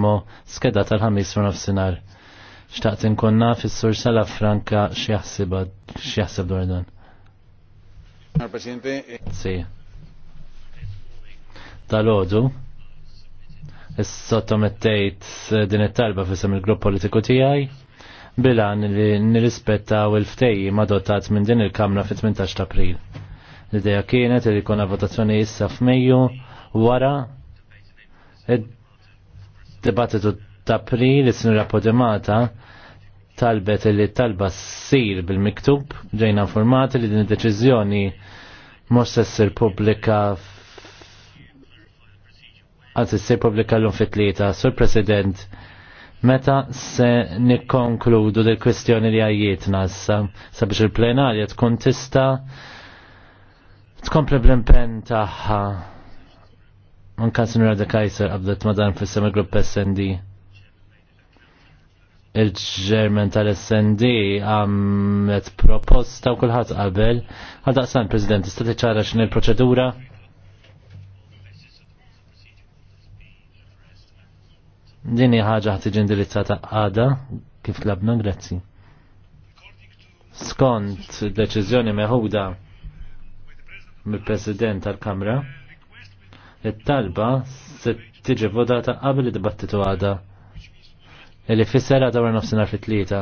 ġimgħa skeda tal-ħamis u nofsinhar. Xtaqt inkunna fis sur sala franka x'jaħseb dwar dan. Eh. Si. Tal-ħodu, sottomettejt din it-talba fissam il-grupp politiku tiegħi bilan li nirrispettaw il-ftejji madottat minn din il-Kamra fit-18 ta' April. L-ideja kienet li kuna votazzjoni issa f'Mejju wara debattitu ta' april is-sinura Podemata talbet li talba ssir bil-miktub ġejna informati li din id-deċiżjoni mhux se ssir pubblika s-sir pubblika l-lum fit-tlieta. Sur President, meta se nikkonkludu del kwestjoni li għajietna issa sabiex il-plenarja tkun tista' tkun bl-impenn tagħha Anka Sinra de Kaiser qabdet madan fis-sema grupp SND. Il-ġermen tal-SND għamet proposta u kullħat qabel. san, President, istati ċara xin il-proċedura? Dini ħaġa ħtiġi indirizzata għada kif tlabna grazzi. Skont deċiżjoni meħuda mill-President tal-Kamra, it-talba se tiġi votata qabel id-dibattitu għada. Illi fissera dawra nofsinhar fit-tlieta.